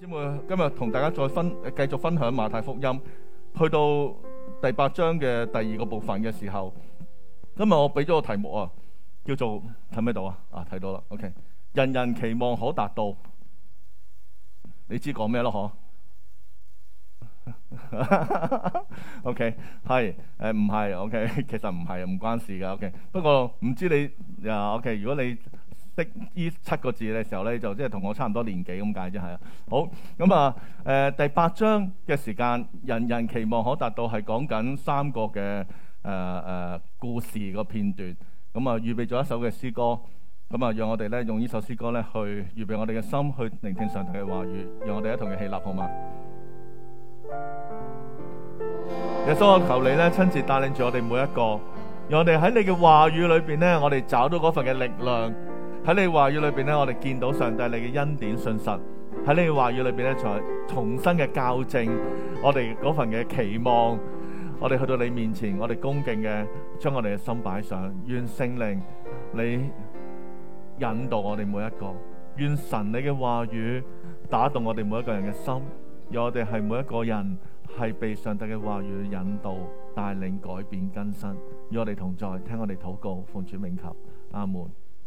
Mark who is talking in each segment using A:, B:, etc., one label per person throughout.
A: 姐妹今日同大家再分繼續分享馬太福音，去到第八章嘅第二個部分嘅時候，今日我俾咗個題目啊，叫做睇唔睇到啊？啊，睇到啦。OK，人人期望可達到，你知講咩咯？嗬 ？OK，係誒，唔係 OK，其實唔係唔關事噶。OK，不過唔知你啊，OK，如果你。的呢七個字嘅時候呢，就即係同我差唔多年紀咁解啫，係啊。好咁啊，誒、呃、第八章嘅時間，人人期望可達到係講緊三個嘅誒誒故事個片段。咁、嗯、啊，預備咗一首嘅詩歌，咁、嗯、啊，讓我哋呢，用呢首詩歌呢，去預備我哋嘅心去聆聽上帝嘅話語，讓我哋一同嘅起立，好嗎？耶穌，我求你呢，親自帶領住我哋每一個，讓我哋喺你嘅話語裏邊呢，我哋找到嗰份嘅力量。喺你話語裏邊呢，我哋見到上帝你嘅恩典信實。喺你嘅話語裏邊呢，才重新嘅校正我哋嗰份嘅期望。我哋去到你面前，我哋恭敬嘅將我哋嘅心擺上。願聖靈你引導我哋每一個。願神你嘅話語打動我哋每一個人嘅心，願我哋係每一個人係被上帝嘅話語引導、帶領、改變、更新。與我哋同在，聽我哋禱告，奉主名求，阿門。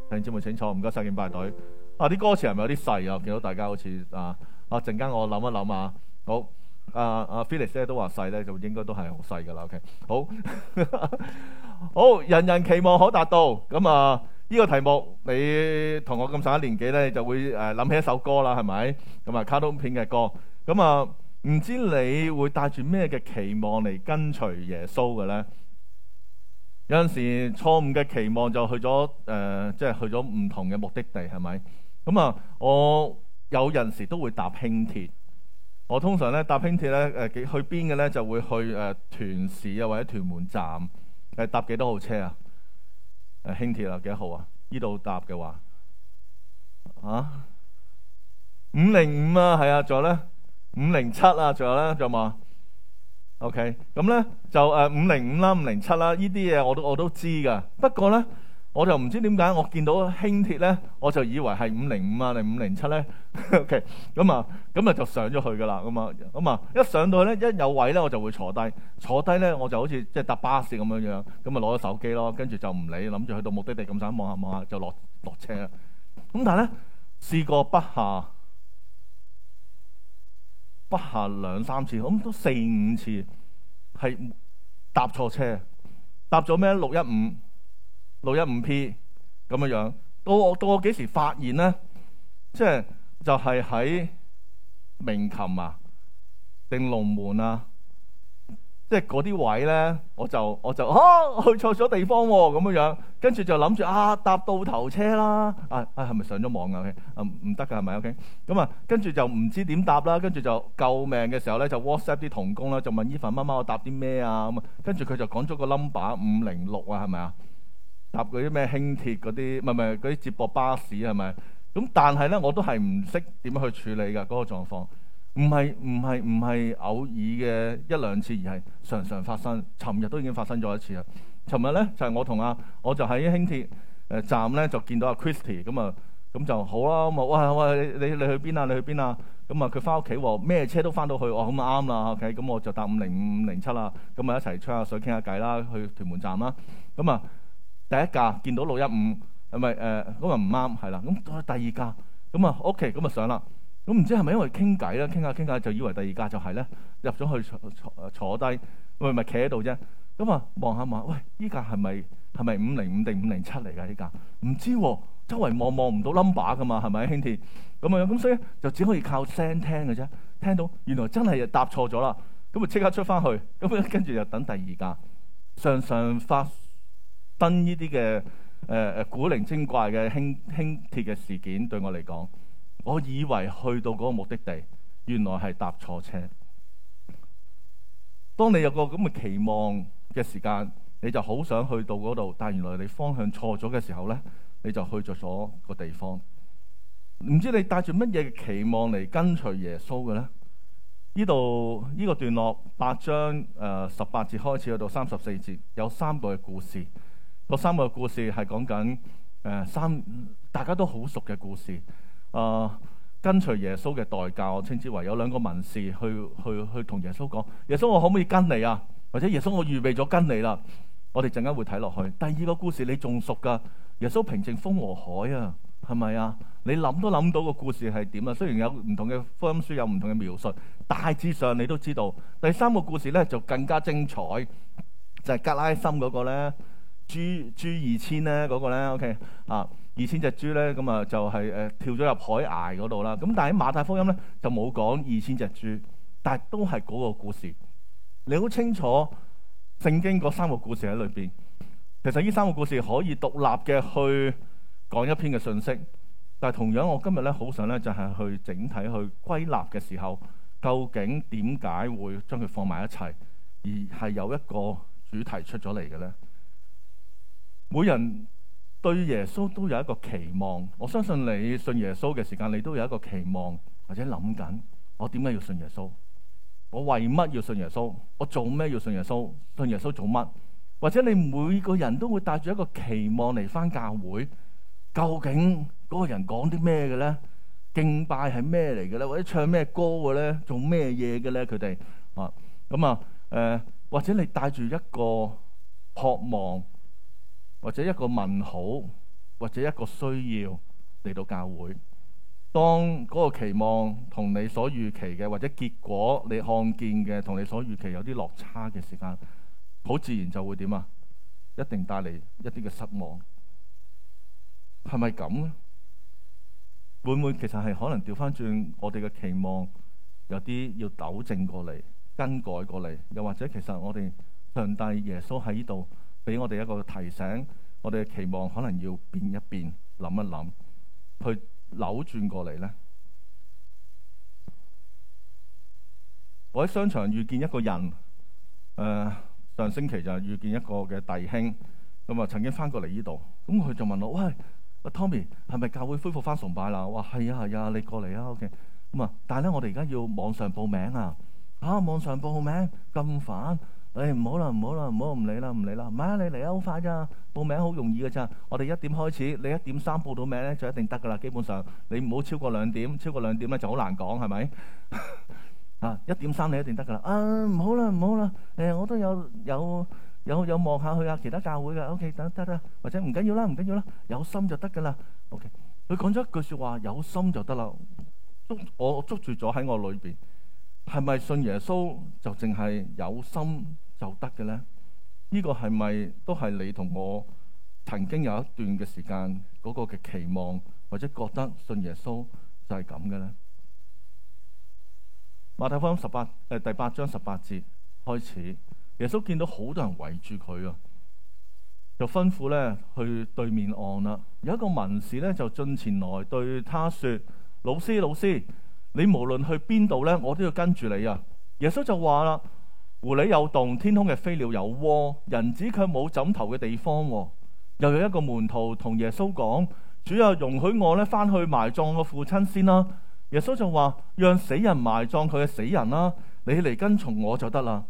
A: 聽節目清楚，唔該曬敬拜隊。啊，啲歌詞係咪有啲細啊？我見到大家好似啊，啊陣間我諗一諗啊。好，啊啊 Phyllis 咧都話細咧，就應該都係好細㗎啦。OK，好， 好，人人期望可達到。咁啊，呢、這個題目你同我咁細一年紀咧，就會誒諗、啊、起一首歌啦，係咪？咁啊，卡通片嘅歌。咁啊，唔知你會帶住咩嘅期望嚟跟隨耶穌嘅咧？有陣時錯誤嘅期望就去咗誒，即係去咗唔同嘅目的地，係咪？咁啊，我有陣時都會搭輕鐵。我通常咧搭輕鐵咧誒，去邊嘅咧就會去誒屯市啊或者屯門站。誒搭幾多號車啊？誒輕鐵啊幾多號啊？依度搭嘅話，啊五零五啊，係啊，仲有咧五零七啊，仲有咧仲有冇啊？OK，咁咧就誒五零五啦，五零七啦，呢啲嘢我都我都知噶。不過咧，我就唔知點解，我見到輕鐵咧，我就以為係五零五啊，定五零七咧。OK，咁啊，咁啊就上咗去噶啦，咁啊，咁啊一上到咧，一有位咧，我就會坐低，坐低咧，我就好似即係搭巴士咁樣樣，咁啊攞咗手機咯，跟住就唔理，諗住去到目的地咁上下望下望下就落落車啦。咁但係咧試過不下不下兩三次，咁都四五次係搭錯車，搭咗咩？六一五、六一五 P 咁樣樣，到我到我幾時發現咧？即係就係喺明琴啊，定龍門啊？即係嗰啲位咧，我就我就嚇、啊、去錯咗地方喎、啊，咁樣樣，跟住就諗住啊搭到頭車啦，啊啊係咪上咗網啊、okay? 啊？唔唔得噶係咪啊？咁、okay? 啊、嗯，跟住就唔知點搭啦，跟住就救命嘅時候咧，就 WhatsApp 啲同工啦，就問伊凡媽媽我搭啲咩啊咁啊，跟住佢就講咗個 number 五零六啊，係咪啊？搭嗰啲咩輕鐵嗰啲，唔係唔係嗰啲接駁巴士係咪？咁、嗯、但係咧我都係唔識點樣去處理噶嗰、嗰個狀況。唔係唔係唔係偶爾嘅一兩次，而係常常發生。尋日都已經發生咗一次啦。尋日咧就係、是、我同阿、啊，我就喺輕鐵誒站咧就見到阿 Christy，咁啊咁就好啦。咁啊哇喂你你去邊啊？你去邊啊？咁啊佢返屋企喎，咩車都返到去。哦，咁啊啱啦。OK，咁我就搭五零五五零七啦。咁啊一齊吹下水傾下偈啦，去屯門站啦。咁啊第一架見到六一五係咪誒？咁啊唔啱係啦。咁第二架，咁啊 OK，咁啊上啦。咁唔知係咪因為傾偈咧？傾下傾下就以為第二架就係咧，入咗去坐坐坐低，唔咪企喺度啫。咁啊，望下望，喂，依架係咪係咪五零五定五零七嚟㗎？依架唔知喎、啊，周圍望望唔到 number 㗎嘛？係咪，輕鐵？咁啊，咁所以就只可以靠聲聽嘅啫。聽到原來真係又搭錯咗啦，咁啊即刻出翻去，咁跟住又等第二架。常常發登呢啲嘅誒誒古靈精怪嘅輕輕鐵嘅事件，對我嚟講。我以為去到嗰個目的地，原來係搭錯車。當你有個咁嘅期望嘅時間，你就好想去到嗰度，但原來你方向錯咗嘅時候呢，你就去咗咗個地方。唔知你帶住乜嘢嘅期望嚟跟隨耶穌嘅呢？呢度呢個段落八章誒十八節開始去到三十四節有三個嘅故事，嗰三個故事係講緊誒三、呃、三大家都好熟嘅故事。啊、呃，跟隨耶穌嘅代價，我稱之為有兩個文士去去去同耶穌講，耶穌我可唔可以跟你啊？或者耶穌我預備咗跟你啦。我哋陣間會睇落去。第二個故事你仲熟㗎，耶穌平靜風和海啊，係咪啊？你諗都諗到個故事係點啊？雖然有唔同嘅福音書有唔同嘅描述，大致上你都知道。第三個故事咧就更加精彩，就係、是、格拉森嗰個咧，G G 二千咧嗰個咧，OK 啊。二千隻豬咧，咁啊就係、是、誒、呃、跳咗入海崖嗰度啦。咁但係喺馬太福音咧就冇講二千隻豬，但係都係嗰個故事。你好清楚聖經嗰三個故事喺裏邊。其實呢三個故事可以獨立嘅去講一篇嘅信息，但係同樣我今日咧好想咧就係、是、去整體去歸納嘅時候，究竟點解會將佢放埋一齊，而係有一個主題出咗嚟嘅咧？每人。對耶穌都有一個期望，我相信你信耶穌嘅時間，你都有一個期望或者諗緊，我點解要信耶穌？我為乜要信耶穌？我做咩要信耶穌？信耶穌做乜？或者你每個人都會帶住一個期望嚟返教會。究竟嗰個人講啲咩嘅咧？敬拜係咩嚟嘅咧？或者唱咩歌嘅咧？做咩嘢嘅咧？佢哋啊，咁啊，誒，或者你帶住一個渴望。或者一個問號，或者一個需要嚟到教會。當嗰個期望同你所預期嘅，或者結果你看見嘅同你所預期有啲落差嘅時間，好自然就會點啊？一定帶嚟一啲嘅失望，係咪咁咧？會唔會其實係可能調翻轉我哋嘅期望，有啲要糾正過嚟、更改過嚟？又或者其實我哋上帝耶穌喺呢度，俾我哋一個提醒，我哋嘅期望可能要變一變，諗一諗，去扭轉過嚟咧。我喺商場遇見一個人，誒、呃、上星期就係遇見一個嘅弟兄，咁、嗯、啊曾經翻過嚟呢度，咁、嗯、佢就問我：喂、啊、Tommy，係咪教會恢復翻崇拜啦？我話係啊係啊，啊，你過嚟啊，OK。咁、嗯、啊，但係咧，我哋而家要網上報名啊，嚇、啊、網上報名咁煩。誒，唔好啦，唔好啦，唔好唔理啦，唔理啦，唔係啊，你嚟啊，好快咋，報名好容易噶咋，我哋一點開始，你一點三報到名咧，就一定得噶啦，基本上，你唔好超過兩點，超過兩點咧就好難講，係咪？啊，一點三你一定得噶啦，啊，唔好啦，唔好啦，誒，我都有有有有望下去啊，其他教會噶，ok，得得啦，或者唔緊要啦，唔緊要啦，有心就得噶啦，ok，佢講咗一句說話，有心就得啦，捉我捉住咗喺我裏面，係咪信耶穌就淨係有心？就得嘅咧？呢、這個係咪都係你同我曾經有一段嘅時間嗰、那個嘅期望，或者覺得信耶穌就係咁嘅咧？馬太福音十八誒、呃、第八章十八節開始，耶穌見到好多人圍住佢啊，就吩咐咧去對面岸啦。有一個文士咧就進前來對他說：老師，老師，你無論去邊度咧，我都要跟住你啊！耶穌就話啦。狐狸有洞，天空嘅飛鳥有窩，人子卻冇枕頭嘅地方。又有一個門徒同耶穌講：主要容許我呢翻去埋葬我父親先啦。耶穌就話：讓死人埋葬佢嘅死人啦，你嚟跟從我就得啦。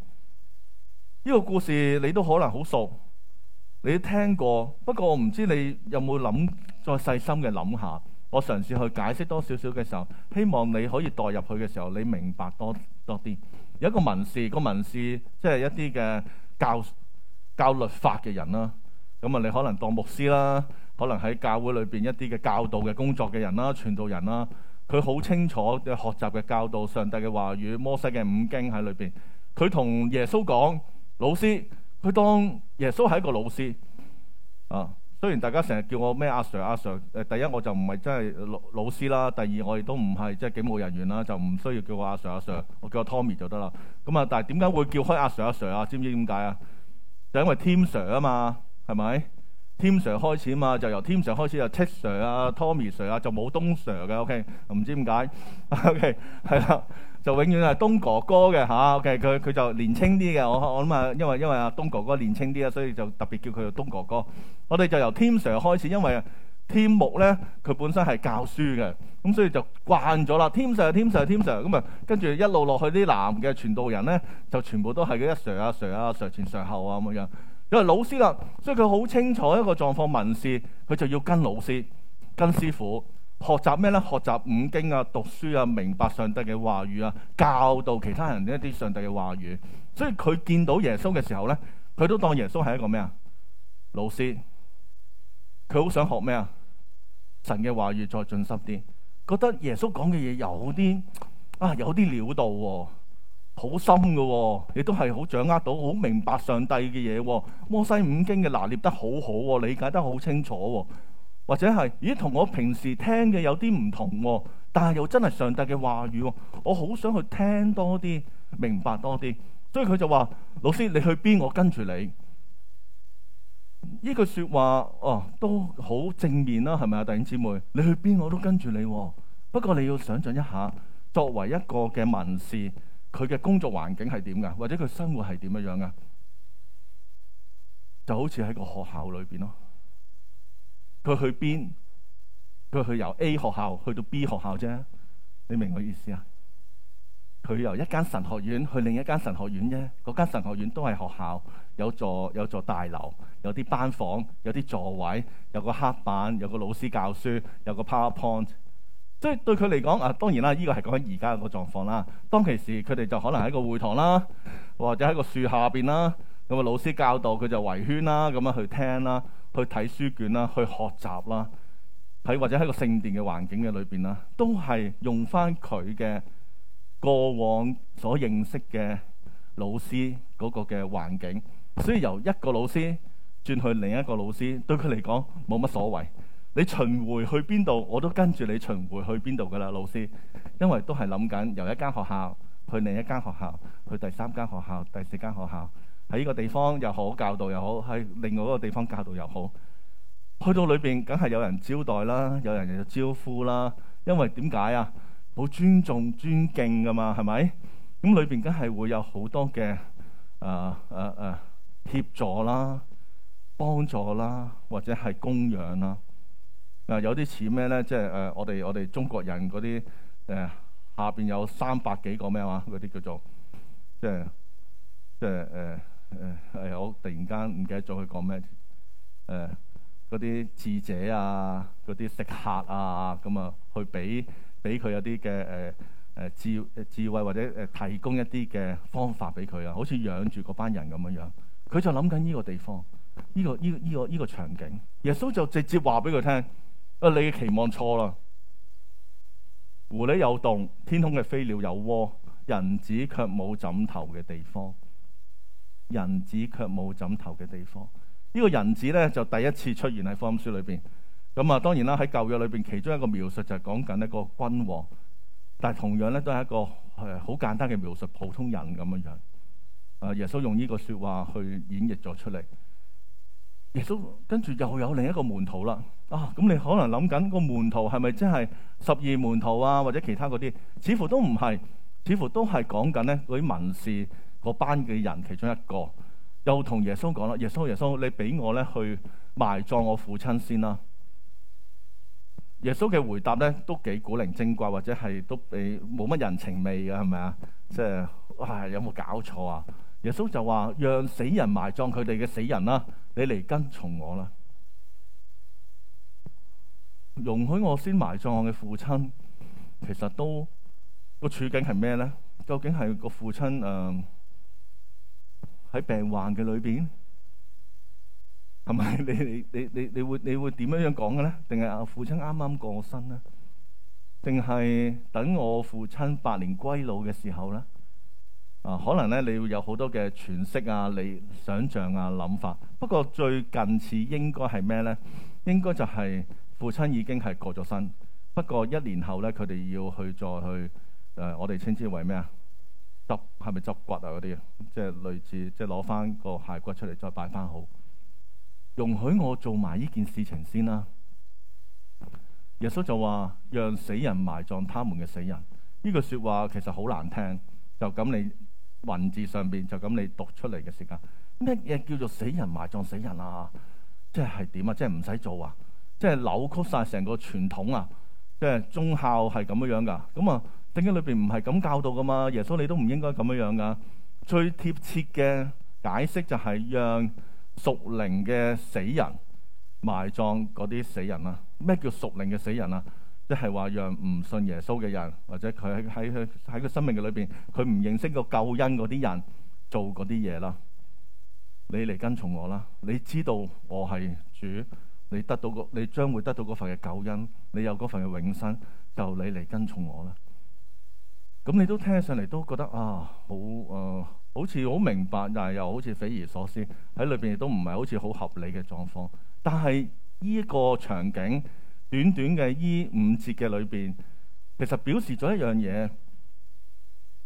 A: 呢個故事你都可能好熟，你聽過，不過我唔知你有冇諗，再細心嘅諗下，我嘗試去解釋多少少嘅時候，希望你可以代入去嘅時候，你明白多多啲。有一個文士，個文士即係一啲嘅教教律法嘅人啦。咁啊，你可能當牧師啦，可能喺教會裏邊一啲嘅教導嘅工作嘅人啦、啊，傳道人啦、啊。佢好清楚嘅學習嘅教導，上帝嘅話語，摩西嘅五經喺裏邊。佢同耶穌講：「老師，佢當耶穌係一個老師啊。雖然大家成日叫我咩阿 Sir 阿 Sir，誒第一我就唔係真係老老師啦，第二我亦都唔係即係警務人員啦，就唔需要叫我阿 Sir 阿 Sir，我叫我 Tommy 就得啦。咁啊，但係點解會叫開阿 Sir 阿 Sir 啊？知唔知點解啊？就因為 Tim Sir 啊嘛，係咪 Tim Sir 開始啊嘛？就由 Tim Sir 開始就 T Sir 啊，Tommy Sir 啊，就冇東 Sir 嘅，OK 唔知點解 ，OK 係啦。就永遠係東哥哥嘅嚇、啊，OK 佢佢就年青啲嘅，我我諗啊，因為因為阿東哥哥年青啲啊，所以就特別叫佢東哥哥。我哋就由 Tim Sir 開始，因為 Tim 木咧佢本身係教書嘅，咁所以就慣咗啦。Tim Sir 啊 Tim Sir 啊 Tim Sir 咁、嗯、啊，跟住一路落去啲男嘅傳道人咧，就全部都係一 Sir 啊 Sir 啊 Sir 前 Sir 後啊咁樣，因為老師啦，所以佢好清楚一個狀況，文士佢就要跟老師跟師傅。學習咩咧？學習五經啊，讀書啊，明白上帝嘅話語啊，教導其他人一啲上帝嘅話語。所以佢見到耶穌嘅時候咧，佢都當耶穌係一個咩啊？老師，佢好想學咩啊？神嘅話語再進深啲，覺得耶穌講嘅嘢有啲啊，有啲料到喎，好深噶喎，亦都係好掌握到，好明白上帝嘅嘢喎。摩西五經嘅拿捏得好好喎，理解得好清楚喎。或者係已經同我平時聽嘅有啲唔同，哦，但係又真係上帝嘅話語，哦，我好想去聽多啲，明白多啲。所以佢就話： 老師，你去邊，我跟住你。呢句説話哦、啊，都好正面啦，係咪啊？弟兄姊妹，你去邊，我都跟住你，哦。不過你要想像一下，作為一個嘅文士，佢嘅工作環境係點㗎，或者佢生活係點樣樣㗎，就好似喺個學校裏邊咯。佢去邊？佢去由 A 學校去到 B 學校啫，你明我意思啊？佢由一間神學院去另一間神學院啫，嗰間神學院都係學校，有座有座大樓，有啲班房，有啲座位，有個黑板，有個老師教書，有個 powerpoint。即係對佢嚟講啊，當然啦，呢、呢個係講緊而家個狀況啦。當其時佢哋就可能喺個會堂啦，或者喺個樹下邊啦。咁啊！老師教導佢就圍圈啦，咁樣去聽啦，去睇書卷啦，去學習啦。喺或者喺個聖殿嘅環境嘅裏邊啦，都係用返佢嘅過往所認識嘅老師嗰個嘅環境。所以由一個老師轉去另一個老師，對佢嚟講冇乜所謂。你巡迴去邊度，我都跟住你巡迴去邊度㗎啦，老師，因為都係諗緊由一間學校去另一間學校，去第三間學校，第四間學校。喺呢個地方又好教導又好，喺另外一個地方教導又好，去到裏邊梗係有人招待啦，有人就招呼啦。因為點解啊？好尊重、尊敬㗎嘛，係咪？咁裏邊梗係會有好多嘅誒誒誒協助啦、幫助啦，或者係供養啦。誒有啲似咩咧？即係誒、呃、我哋我哋中國人嗰啲誒下邊有三百幾個咩話，嗰啲叫做即係即係誒。呃誒，係我突然間唔記得咗佢講咩？誒，嗰啲智者啊，嗰啲食客啊，咁啊，去俾俾佢有啲嘅誒誒智智慧或者誒提供一啲嘅方法俾佢啊，好似養住嗰班人咁樣樣。佢就諗緊呢個地方，呢個呢呢個呢個場景，耶穌就直接話俾佢聽：啊，你嘅期望錯啦。狐狸有洞，天空嘅飛鳥有窩，人子卻冇枕頭嘅地方。人子卻冇枕頭嘅地方，呢、這個人子咧就第一次出現喺福音書裏邊。咁、嗯、啊，當然啦，喺舊約裏邊，其中一個描述就係講緊一個君王，但係同樣咧都係一個誒好、呃、簡單嘅描述，普通人咁樣樣。誒、啊，耶穌用呢個說話去演繹咗出嚟。耶穌跟住又有另一個門徒啦。啊，咁你可能諗緊、那個門徒係咪真係十二門徒啊，或者其他嗰啲？似乎都唔係，似乎都係講緊呢，嗰啲文士。個班嘅人，其中一個又同耶穌講啦，耶穌耶穌，你俾我咧去埋葬我父親先啦。耶穌嘅回答咧都幾古靈精怪，或者係都誒冇乜人情味嘅，係咪啊？即係唉，有冇搞錯啊？耶穌就話讓死人埋葬佢哋嘅死人啦，啊，你嚟跟從我啦。容許我先埋葬我嘅父親，其實都個處境係咩咧？究竟係個父親誒？呃喺病患嘅裏邊，係咪你你你你你會你會點樣樣講嘅咧？定係阿父親啱啱過身呢？定係等我父親百年歸老嘅時候咧？啊，可能咧你會有好多嘅詮釋啊、你想像啊、諗法。不過最近似應該係咩咧？應該就係父親已經係過咗身，不過一年後咧，佢哋要去再去誒、呃，我哋稱之爲咩啊？執係咪執骨啊？嗰啲即係類似，即係攞翻個骸骨出嚟，再擺翻好。容許我做埋呢件事情先啦、啊。耶穌就話：讓死人埋葬他們嘅死人。呢句説話其實好難聽。就咁你文字上面，就咁你讀出嚟嘅時間，咩嘢叫做死人埋葬死人啊？即係係點啊？即係唔使做啊？即係扭曲晒成個傳統啊？即係忠孝係咁樣噶？咁啊？聖經裏邊唔係咁教導噶嘛？耶穌你都唔應該咁樣樣、啊、噶。最貼切嘅解釋就係讓屬靈嘅死人埋葬嗰啲死人啦。咩叫屬靈嘅死人啊？即係話讓唔信耶穌嘅人，或者佢喺喺喺佢生命嘅裏邊，佢唔認識個救恩嗰啲人做嗰啲嘢啦。你嚟跟從我啦。你知道我係主，你得到個你將會得到嗰份嘅救恩，你有嗰份嘅永生，就你嚟跟從我啦。咁你都聽上嚟都覺得啊，好誒、呃，好似好明白，但係又好似匪夷所思喺裏邊，亦都唔係好似好合理嘅狀況。但係呢個場景短短嘅依五節嘅裏邊，其實表示咗一樣嘢。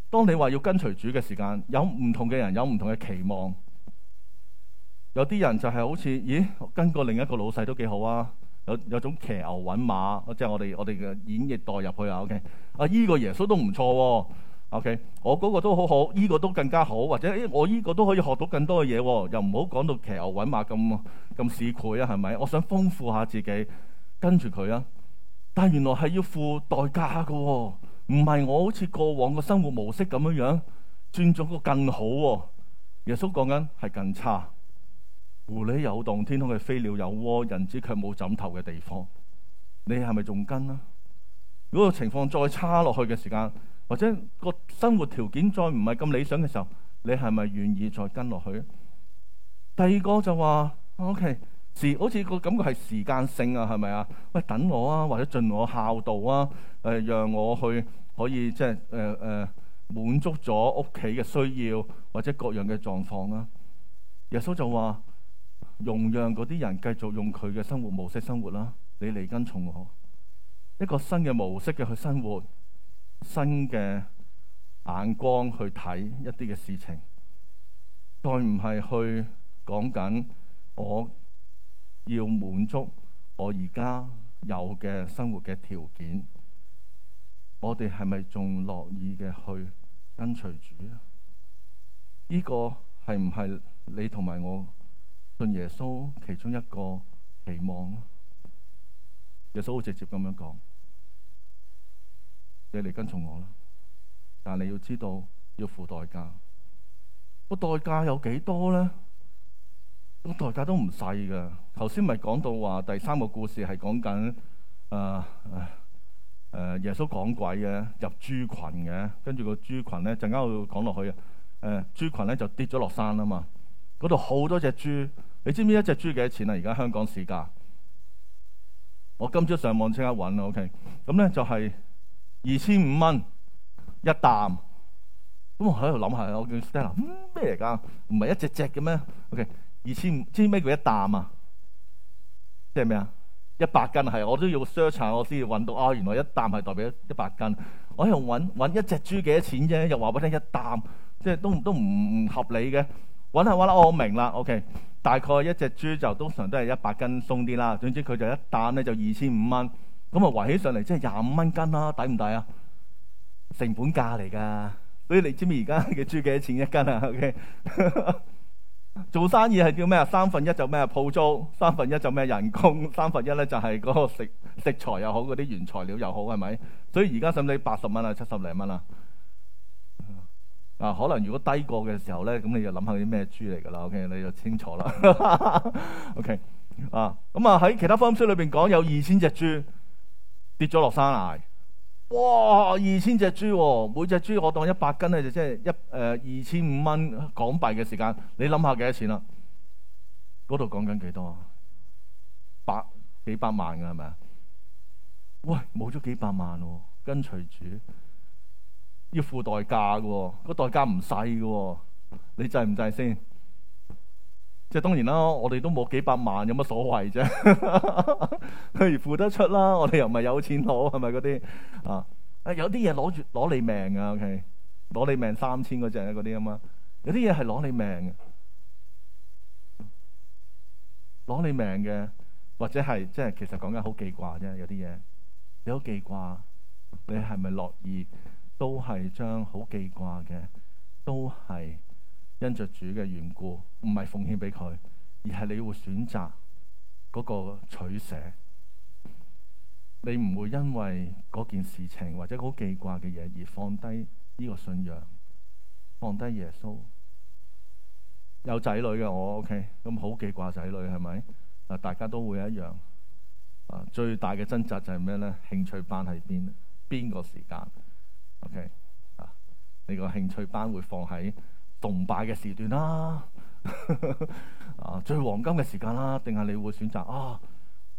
A: 當你話要跟隨主嘅時間，有唔同嘅人，有唔同嘅期望，有啲人就係好似，咦，跟過另一個老細都幾好啊！有有種騎牛揾馬，即係我哋我哋嘅演繹代入去啊。OK，啊呢個耶穌都唔錯喎。OK，我嗰個都好好，呢個都更加好，或者誒，我呢個都可以學到更多嘅嘢喎，又唔好講到騎牛揾馬咁咁市儈啊，係咪？我想豐富下自己，跟住佢啊。但原來係要付代價嘅喎，唔係我好似過往嘅生活模式咁樣樣轉咗個更好喎。耶穌講緊係更差。狐狸有洞，天空嘅飛鳥有窩，人子卻冇枕頭嘅地方。你係咪仲跟啊？如果個情況再差落去嘅時間，或者個生活條件再唔係咁理想嘅時候，你係咪願意再跟落去？第二個就話，O K 時好似個感覺係時間性啊，係咪啊？喂，等我啊，或者盡我孝道啊，誒、呃，讓我去可以即係誒誒滿足咗屋企嘅需要，或者各樣嘅狀況啦。耶穌就話。容讓嗰啲人繼續用佢嘅生活模式生活啦、啊。你嚟跟從我，一個新嘅模式嘅去生活，新嘅眼光去睇一啲嘅事情，再唔係去講緊我要滿足我而家有嘅生活嘅條件，我哋係咪仲樂意嘅去跟隨主啊？呢、這個係唔係你同埋我？信耶穌其中一個期望，耶穌好直接咁樣講：你嚟跟從我啦，但係你要知道要付代價。個代價有幾多咧？個代價都唔細㗎。頭先咪講到話第三個故事係講緊誒誒耶穌講鬼嘅、啊、入豬群嘅、啊，跟住個豬群咧陣間我講落去，誒、啊、豬群咧就跌咗落山啊嘛，嗰度好多隻豬。你知唔知一隻豬幾多錢啊？而家香港市價，我今朝上網即刻揾啦。OK，咁咧就係二千五蚊一擔。咁我喺度諗下，我叫 Stella 咩、嗯、嚟㗎？唔係一隻隻嘅咩？OK，二千五知咩叫一擔啊？即係咩啊？一百斤係我都要 search 我先揾到啊、哦。原來一擔係代表一百斤。我喺度揾揾一隻豬幾多錢啫、啊？又話俾你聽一擔，即、就、係、是、都都唔唔合理嘅。揾下揾下，我明啦。OK。大概一隻豬就通常都係一百斤鬆啲啦，總之佢就一擔咧就二千五蚊，咁啊圍起上嚟即係廿五蚊斤啦，抵唔抵啊？成本價嚟㗎，所以你知唔知而家嘅豬幾多錢一斤啊？OK， 做生意係叫咩啊？三分一就咩啊鋪租，三分一就咩人工，三分一咧就係嗰個食食材又好，嗰啲原材料又好係咪？所以而家使唔使八十蚊啊？七十零蚊啊？啊，可能如果低過嘅時候咧，咁你就諗下啲咩豬嚟㗎啦。OK，你就清楚啦。 OK，啊，咁啊喺其他福音書裏邊講有二千隻豬跌咗落山崖，哇，二千隻豬、哦，每隻豬我當一百斤咧，就即係一誒二千五蚊港幣嘅時間，你諗下幾多錢啦、啊？嗰度講緊幾多、啊、百幾百萬㗎係咪啊？喂，冇咗幾百萬喎、啊，跟隨住。要付代價㗎喎，個代價唔細嘅，你制唔制先？即係當然啦，我哋都冇幾百萬，有乜所謂啫？譬如付得出啦，我哋又唔係有錢攞，係咪嗰啲啊？誒，有啲嘢攞住攞你命啊！OK，攞你命三千嗰隻嗰啲咁嘛？有啲嘢係攞你命，攞你命嘅，或者係即係其實講緊好記掛啫。有啲嘢你好記掛，你係咪樂意？都係將好記掛嘅，都係因着主嘅緣故，唔係奉獻俾佢，而係你會選擇嗰個取捨。你唔會因為嗰件事情或者好記掛嘅嘢而放低呢個信仰，放低耶穌。有仔女嘅我 OK 咁好記掛仔女，係咪啊？大家都會一樣啊。最大嘅掙扎就係咩咧？興趣班喺邊？邊個時間？OK，啊，你個興趣班會放喺崇拜嘅時段啦、啊， 啊最黃金嘅時間啦、啊，定係你會選擇啊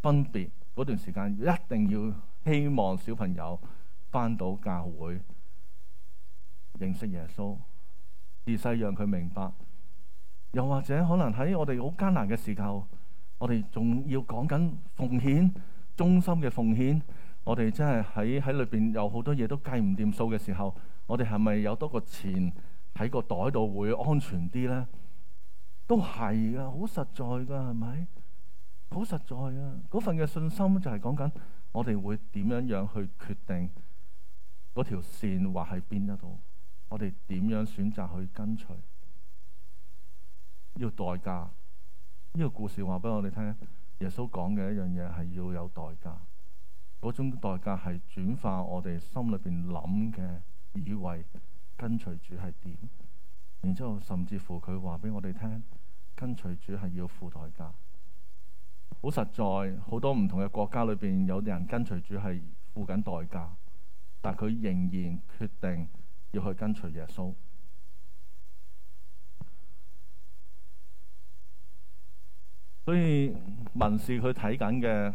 A: 分別嗰段時間，一定要希望小朋友翻到教會認識耶穌，自細讓佢明白。又或者可能喺我哋好艱難嘅時候，我哋仲要講緊奉獻、忠心嘅奉獻。我哋真係喺喺裏邊有好多嘢都計唔掂數嘅時候，我哋係咪有多個錢喺個袋度會安全啲咧？都係啊，好實在噶，係咪？好實在啊！嗰份嘅信心就係講緊我哋會點樣樣去決定嗰條線或喺邊一度，我哋點樣選擇去跟隨？要代價呢個故事話俾我哋聽，耶穌講嘅一樣嘢係要有代價。嗰種代價係轉化我哋心裏邊諗嘅以為，跟隨主係點？然之後，甚至乎佢話俾我哋聽，跟隨主係要付代價。好實在，好多唔同嘅國家裏邊有啲人跟隨主係付緊代價，但佢仍然決定要去跟隨耶穌。所以民事佢睇緊嘅。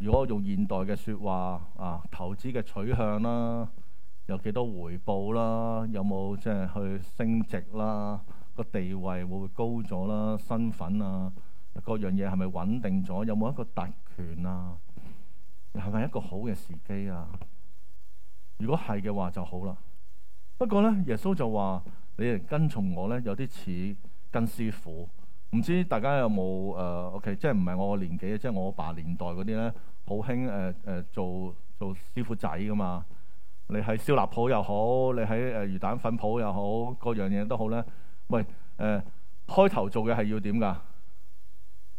A: 如果用現代嘅説話，啊，投資嘅取向啦、啊，有幾多回報啦、啊，有冇即係去升值啦、啊？個地位會唔會高咗啦、啊？身份啊，各樣嘢係咪穩定咗？有冇一個特權啊？係咪一個好嘅時機啊？如果係嘅話就好啦。不過咧，耶穌就話：你哋跟從我咧，有啲似跟師傅。唔知大家有冇誒、呃？OK，即係唔係我嘅年紀，即係我阿爸年代嗰啲咧，好興誒誒做做師傅仔噶嘛。你係燒臘鋪又好，你喺誒魚蛋粉鋪又好，各樣嘢都好咧。喂誒、呃，開頭做嘅係要點㗎？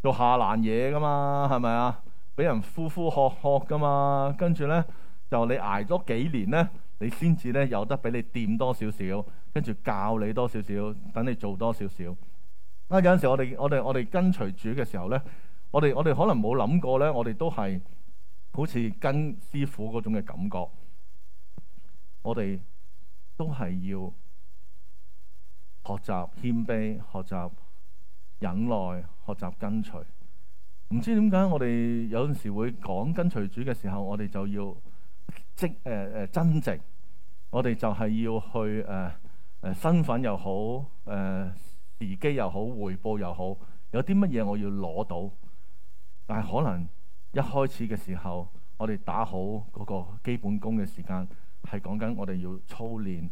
A: 做下爛嘢噶嘛，係咪啊？俾人呼呼喝喝噶嘛，跟住咧就你捱咗幾年咧，你先至咧有得俾你掂多少少，跟住教你多少少，等你做多少少。嗱、啊、有陣時我哋我哋我哋跟隨主嘅時候咧，我哋我哋可能冇諗過咧，我哋都係好似跟師傅嗰種嘅感覺，我哋都係要學習謙卑，學習忍耐，學習跟隨。唔知點解我哋有陣時會講跟隨主嘅時候，我哋就要積誒誒真靜，我哋就係要去誒誒、呃、身份又好誒。呃時機又好，回報又好，有啲乜嘢我要攞到？但係可能一開始嘅時候，我哋打好嗰個基本功嘅時間，係講緊我哋要操練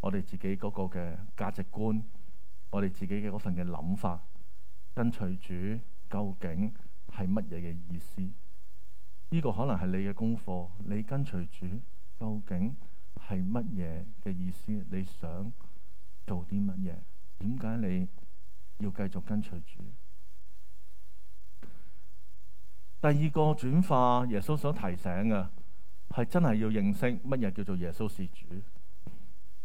A: 我哋自己嗰個嘅價值觀，我哋自己嘅嗰份嘅諗法，跟隨主究竟係乜嘢嘅意思？呢個可能係你嘅功課。你跟隨主究竟係乜嘢嘅意思？你想做啲乜嘢？點解你要繼續跟隨主？第二個轉化，耶穌所提醒嘅係真係要認識乜嘢叫做耶穌是主。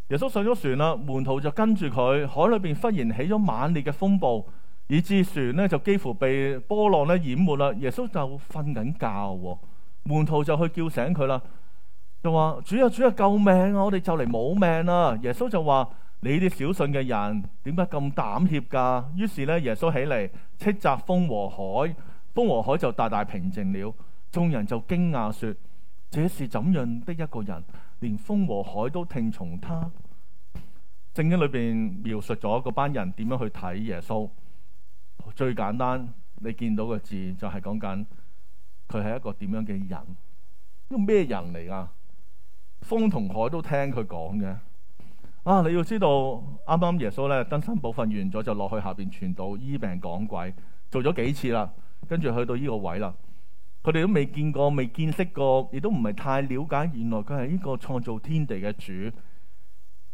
A: 耶穌上咗船啦，門徒就跟住佢。海裏邊忽然起咗猛烈嘅風暴，以至船呢就幾乎被波浪咧淹沒啦。耶穌就瞓緊覺，門徒就去叫醒佢啦，就話：主啊，主啊，救命啊！我哋就嚟冇命啦！啊！耶穌就話。你啲小信嘅人點解咁膽怯噶？於是咧，耶穌起嚟斥責風和海，風和海就大大平靜了。眾人就驚訝說：這是怎樣的一個人，連風和海都聽從他？聖經裏邊描述咗嗰班人點樣去睇耶穌。最簡單，你見到個字就係講緊佢係一個點樣嘅人？呢個咩人嚟啊？風同海都聽佢講嘅。啊！你要知道，啱啱耶穌咧登山部分完咗，就落去下邊傳道醫病講鬼，做咗幾次啦。跟住去到呢個位啦，佢哋都未見過、未見識過，亦都唔係太了解。原來佢係呢個創造天地嘅主，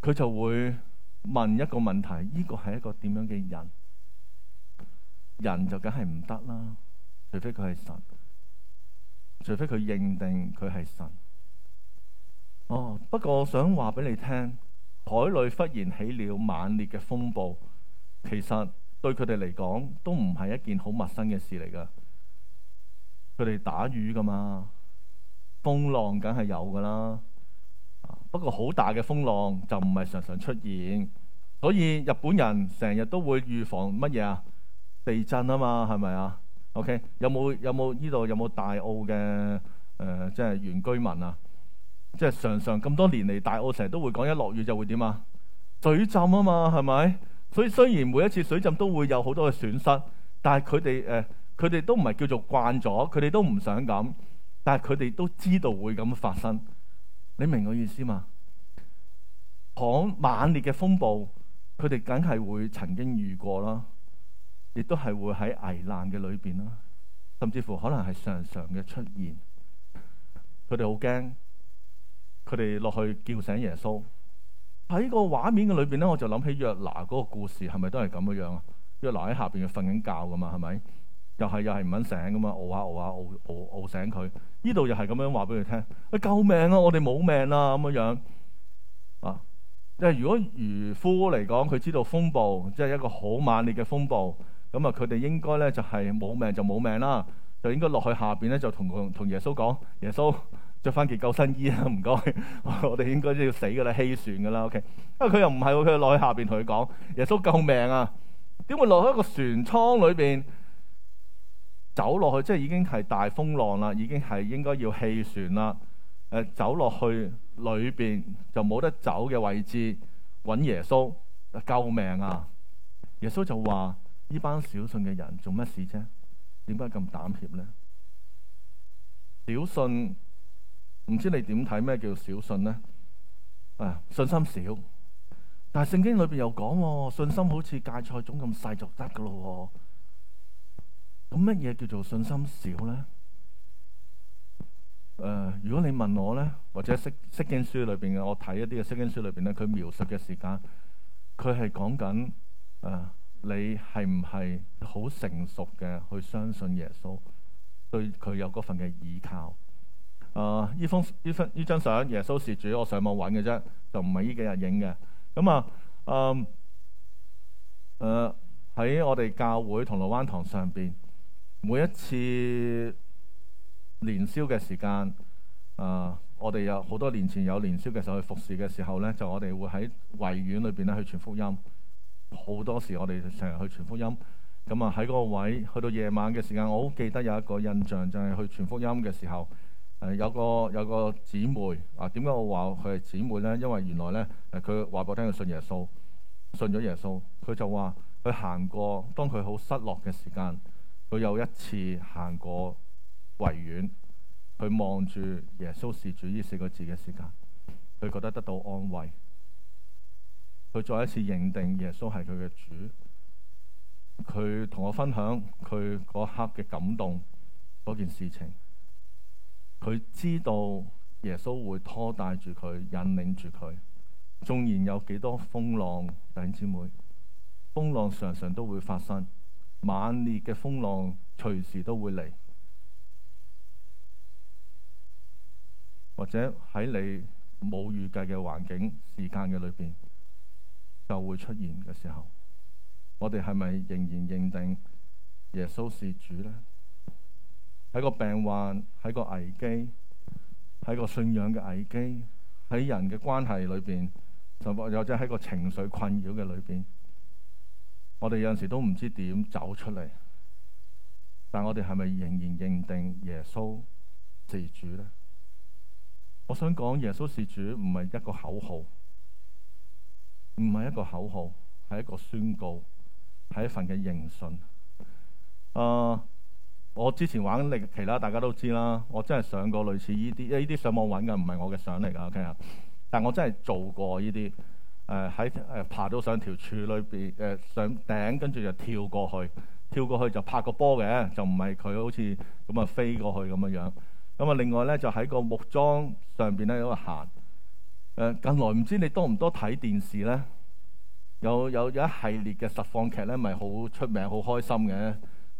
A: 佢就會問一個問題：呢個係一個點樣嘅人？人就梗係唔得啦，除非佢係神，除非佢認定佢係神。哦，不過我想話俾你聽。海裡忽然起了猛烈嘅風暴，其實對佢哋嚟講都唔係一件好陌生嘅事嚟㗎。佢哋打魚㗎嘛，風浪梗係有㗎啦。不過好大嘅風浪就唔係常常出現，所以日本人成日都會預防乜嘢啊？地震啊嘛，係咪啊？OK，有冇，有冇呢度有冇大澳嘅、誒，即係原居民啊？即係常常咁多年嚟，大澳成日都會講，一落雨就會點啊？水浸啊嘛，係咪？所以雖然每一次水浸都會有好多嘅損失，但係佢哋誒佢哋都唔係叫做慣咗，佢哋都唔想咁，但係佢哋都知道會咁發生。你明我意思嘛？講猛烈嘅風暴，佢哋梗係會曾經遇過啦，亦都係會喺危難嘅裏邊啦，甚至乎可能係常常嘅出現。佢哋好驚。佢哋落去叫醒耶穌喺個畫面嘅裏邊咧，我就諗起約拿嗰個故事，係咪都係咁樣樣啊？約拿喺下邊瞓緊覺噶嘛，係咪？又係又係唔肯醒噶嘛，喎下喎下喎喎醒佢。呢度又係咁樣話俾佢聽：「啊救命啊！我哋冇命啦！」咁樣樣啊！即係如果漁夫嚟講，佢知道風暴即係一個好猛烈嘅風暴，咁啊佢哋應該咧就係冇命就冇命啦，就應該落去下邊咧就同同耶穌講耶穌。着翻件救生衣。 該、okay、啊！唔該，我哋應該都要死噶啦，棄船噶啦。O.K.，因啊佢又唔係喎，佢落去下邊同佢講：耶穌救命啊！點會落喺一個船艙裏邊走落去？即係已經係大風浪啦，已經係應該要棄船啦。誒、呃，走落去裏邊就冇得走嘅位置，搵耶穌救命啊！耶穌就話：呢班小信嘅人做乜事啫？點解咁膽怯咧？小信。唔知你點睇，咩叫小信呢？誒、啊，信心少，但係聖經裏邊又講信心好似芥菜種咁細，就得噶咯。咁乜嘢叫做信心少咧？誒、啊，如果你問我咧，或者釋釋經書裏邊嘅，我睇一啲嘅釋經書裏邊咧，佢描述嘅時間，佢係講緊誒、啊，你係唔係好成熟嘅去相信耶穌，對佢有嗰份嘅倚靠。啊！呢封呢份呢張相，耶穌是主，我上網揾嘅啫，就唔係呢幾日影嘅咁啊。嗯，誒、嗯、喺、呃、我哋教會銅鑼灣堂上邊，每一次年宵嘅時間啊、嗯，我哋有好多年前有年宵嘅時候去服侍嘅時候咧，就我哋會喺維園裏邊咧去傳福音。好多時我哋成日去傳福音咁啊，喺、嗯、嗰個位去到夜晚嘅時間，我好記得有一個印象就係、是、去傳福音嘅時候。呃、有個有個姊妹啊，點解我話佢係姊妹咧？因為原來咧，佢話俾我聽，佢信耶穌，信咗耶穌，佢就話佢行過，當佢好失落嘅時間，佢有一次行過維園，佢望住耶穌是主呢四個字嘅時間，佢覺得得到安慰，佢再一次認定耶穌係佢嘅主。佢同我分享佢嗰刻嘅感動嗰件事情。佢知道耶穌會拖帶住佢引領住佢，縱然有幾多風浪，弟兄姊妹，風浪常常都會發生，猛烈嘅風浪隨時都會嚟，或者喺你冇預計嘅環境、時間嘅裏邊就會出現嘅時候，我哋係咪仍然認定耶穌是主呢？喺個病患，喺個危機，喺個信仰嘅危機，喺人嘅關係裏邊，就或者喺個情緒困擾嘅裏邊，我哋有陣時都唔知點走出嚟。但我哋係咪仍然認定耶穌是主咧？我想講耶穌是主唔係一個口號，唔係一個口號，係一個宣告，係一份嘅認信。啊！我之前玩歷奇啦，大家都知啦。我真係上過類似呢啲，呢啲上網揾嘅唔係我嘅相嚟㗎。O.K.，但我真係做過呢啲。誒喺誒爬到上條柱裏邊，誒上頂，跟住就跳過去，跳過去就拍個波嘅，就唔係佢好似咁啊飛過去咁嘅樣。咁、嗯、啊，另外咧就喺個木樁上邊咧一路行。誒、呃、近來唔知你多唔多睇電視咧，有有一系列嘅實況劇咧，咪好出名、好開心嘅。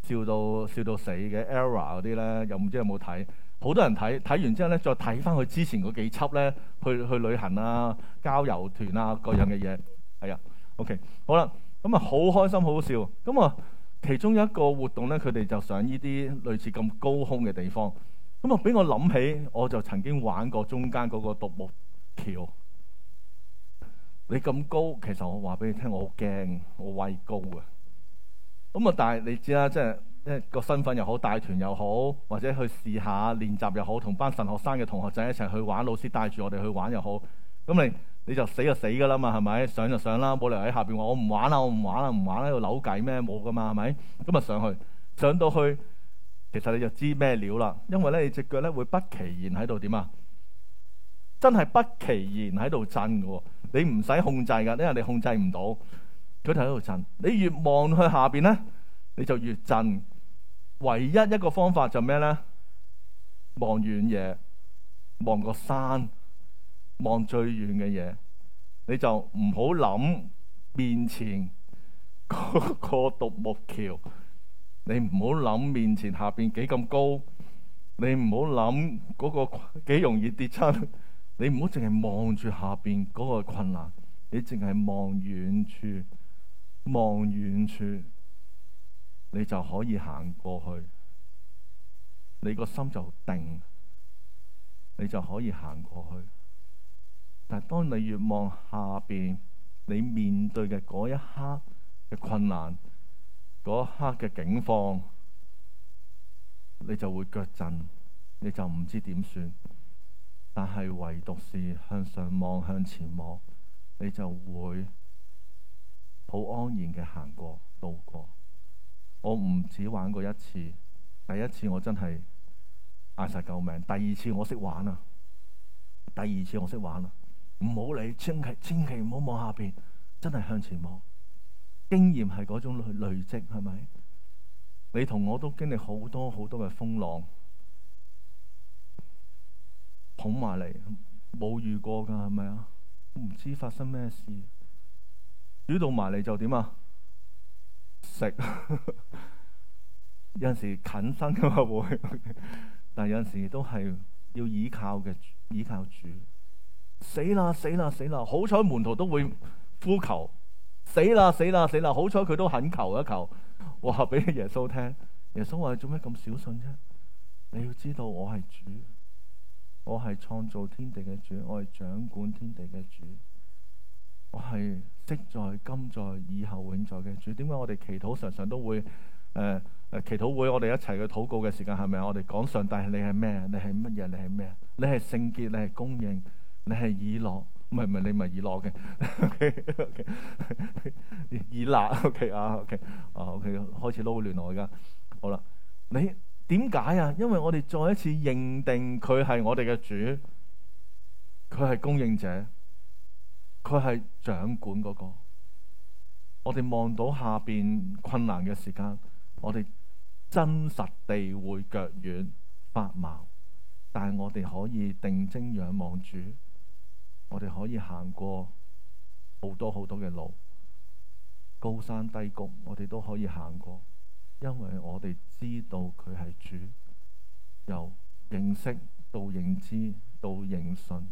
A: 笑到笑到死嘅 ERROR 嗰啲咧，又唔知有冇睇？好多人睇，睇完之後咧，再睇翻佢之前嗰幾輯咧，去去旅行啊、郊遊團啊各樣嘅嘢，係啊、嗯哎，OK，好啦，咁啊好開心，好笑。咁啊，其中有一個活動咧，佢哋就上呢啲類似咁高空嘅地方。咁啊，俾我諗起，我就曾經玩過中間嗰個獨木橋。你咁高，其實我話俾你聽，我好驚，我畏高啊！咁啊！但係你知啦，即係一個身份又好，帶團又好，或者去試下練習又好，同班神學生嘅同學仔一齊去玩，老師帶住我哋去玩又好。咁你你就死就死㗎啦嘛，係咪？上就上啦，冇理由喺下邊話我唔玩喇，我唔玩喇，唔玩喺度扭計咩？冇㗎嘛，係咪？咁啊，上去上到去，其實你就知咩料啦。因為咧，你隻腳咧會不其然喺度點啊？真係不其然喺度震㗎喎，你唔使控制㗎，因為你控制唔到。佢就喺度震。你越望去下邊咧，你就越震。唯一一個方法就咩咧？望遠嘢，望個山，望最遠嘅嘢。你就唔好諗面前嗰個獨木橋。你唔好諗面前下邊幾咁高。你唔好諗嗰個幾容易跌出，你唔好淨係望住下邊嗰個困難，你淨係望遠處。望遠處，你就可以行過去。你個心就定，你就可以行過去。但當你越望下面，你面對嘅嗰一刻嘅困難，嗰一刻嘅境況，你就會腳震，你就唔知點算。但係唯獨是向上望、向前望，你就會，好安然嘅行過度過，我唔止玩過一次，第一次我真係嗌晒救命。第二次我識玩啦、啊，第二次我識玩啦、啊，唔好理，千祈千祈唔好望下邊，真係向前望。經驗係嗰種累積，係咪？你同我都經歷好多好多嘅風浪，捧埋嚟冇遇過噶，係咪啊？唔知發生咩事。煮到埋嚟就點啊？食 有陣時近身咁啊會， 但係有陣時都係要依靠嘅依靠主。死啦死啦死啦！好彩門徒都會呼求。死啦死啦死啦！好彩佢都肯求一求。話俾耶穌聽，耶穌話：你做咩咁小信啫？你要知道，我係主，我係創造天地嘅主，我係掌管天地嘅主。我係昔在、今在、以後永在嘅主。點解我哋祈禱常常都會誒誒、呃、祈禱會，我哋一齊去禱告嘅時間係咪啊？我哋講上帝，你係咩？你係乜嘢？你係咩？你係聖潔？你係供應？你係以落？唔係唔係你咪以落嘅？ okay, okay. 以立？O K、okay, 啊？O K、okay. 啊？O、oh, K、okay. 開始撈亂我而家。好啦，你點解啊？因為我哋再一次認定佢係我哋嘅主，佢係供應者。佢係掌管嗰個，我哋望到下邊困難嘅時間，我哋真實地會腳軟、發毛，但係我哋可以定睛仰望主，我哋可以行過好多好多嘅路，高山低谷，我哋都可以行過，因為我哋知道佢係主，由認識到認知到認信。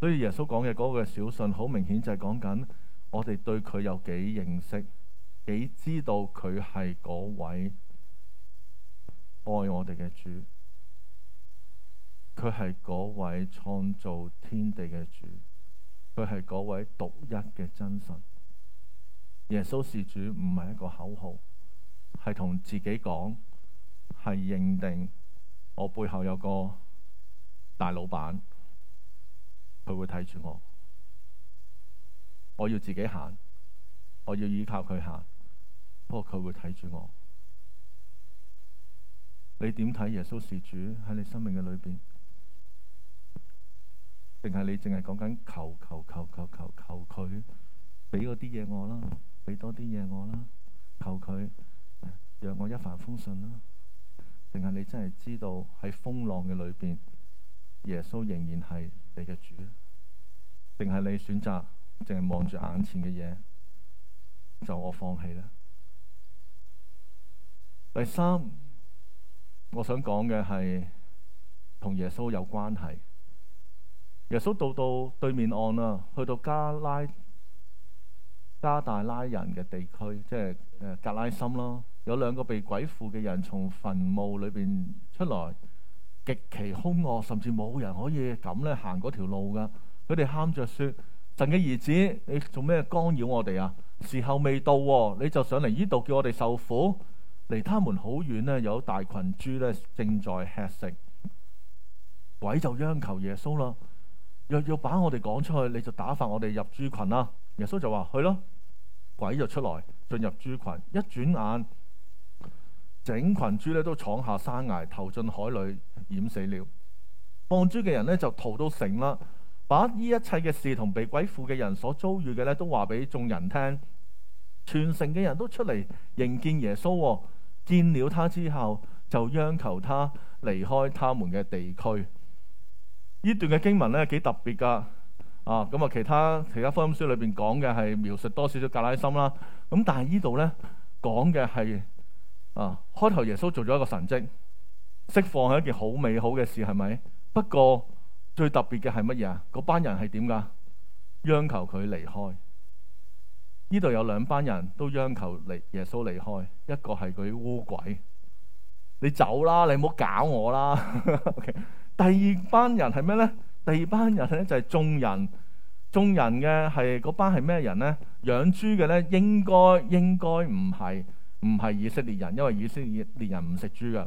A: 所以耶穌講嘅嗰個小信，好明顯就係講緊我哋對佢有幾認識，幾知道佢係嗰位愛我哋嘅主，佢係嗰位創造天地嘅主，佢係嗰位獨一嘅真神。耶穌是主唔係一個口號，係同自己講，係認定我背後有個大老闆。佢會睇住我，我要自己行，我要依靠佢行，不過佢會睇住我。你點睇耶穌是主喺你生命嘅裏邊？定係你淨係講緊求求求求求求佢俾嗰啲嘢我啦，俾多啲嘢我啦，求佢讓我一帆風順啦？定係你真係知道喺風浪嘅裏邊？耶穌仍然係你嘅主，定係你選擇淨係望住眼前嘅嘢，就我放棄啦。第三，我想講嘅係同耶穌有關係。耶穌到到對面岸啦，去到加拉加大拉人嘅地區，即係格拉森咯，有兩個被鬼附嘅人從墳墓裏邊出來。極其兇惡，甚至冇人可以咁咧行嗰條路㗎。佢哋喊着說：神嘅兒子，你做咩干擾我哋啊？時候未到喎，你就上嚟呢度叫我哋受苦。離他們好遠呢，有大群豬咧正在吃食。鬼就央求耶穌啦，若要把我哋趕出去，你就打發我哋入豬群啦。耶穌就話：去咯。鬼就出來進入豬群，一轉眼。整群豬咧都闖下山崖，投進海裏淹死了。放豬嘅人咧就逃到城啦，把呢一切嘅事同被鬼附嘅人所遭遇嘅咧都話俾眾人聽。全城嘅人都出嚟迎見耶穌，哦，見了他之後就央求他離開他們嘅地區。呢段嘅經文咧幾特別噶，啊咁啊、嗯，其他其他福音書裏邊講嘅係描述多少少格拉森啦，咁、嗯、但係呢度呢講嘅係。啊！開頭耶穌做咗一個神蹟，釋放係一件好美好嘅事，係咪？不過最特別嘅係乜嘢啊？嗰班人係點㗎？央求佢離開。呢度有兩班人都央求離耶穌離開，一個係佢污鬼，你走啦，你唔好搞我啦。O K。第二班人係咩呢？第二班人咧就係眾人，眾人嘅係嗰班係咩人呢？養豬嘅咧應該應該唔係。唔係以色列人，因為以色列人唔食豬嘅，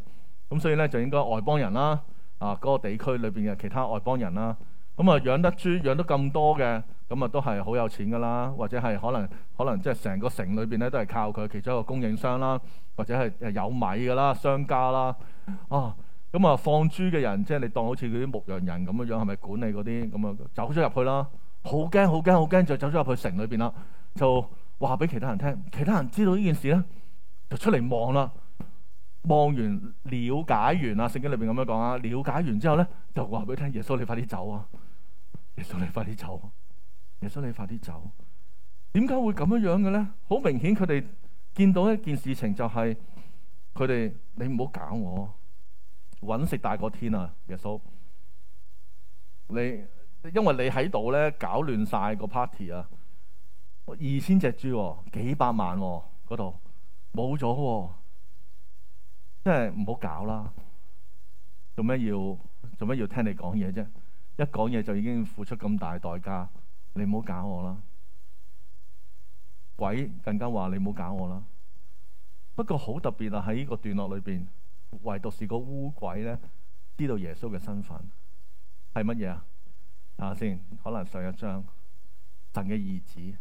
A: 咁所以咧就應該外邦人啦。啊，嗰、那個地區裏邊嘅其他外邦人啦，咁啊養得豬養得咁多嘅，咁啊都係好有錢噶啦，或者係可能可能即係成個城裏邊咧都係靠佢其中一個供應商啦，或者係有米噶啦商家啦啊，咁啊，啊放豬嘅人即係、就是、你當好似佢啲牧羊人咁樣樣係咪管理嗰啲咁啊走咗入去啦，好驚好驚好驚，就走咗入去城裏邊啦，就話俾其他人聽，其他人知道呢件事咧。就出嚟望啦，望完了，了解完啊，聖經裏邊咁樣講啊。了解完之後咧，就話俾你聽：耶穌，你快啲走啊！耶穌，你快啲走啊！耶穌，你快啲走啊，走。點解會咁樣樣嘅咧？好明顯，佢哋見到一件事情就係佢哋，你唔好搞我，搵食大過天啊！耶穌，你因為你喺度咧，搞亂晒個 party 啊！二千隻豬喎，幾百萬喎，嗰度。冇咗，即係唔好搞啦！做咩要做咩要聽你講嘢啫？一講嘢就已經付出咁大代價，你唔好搞我啦！鬼更加話你唔好搞我啦！不過好特別啊，喺呢個段落裏邊，唯獨是個污鬼咧知道耶穌嘅身份係乜嘢啊？睇下先，可能上一章神嘅兒子。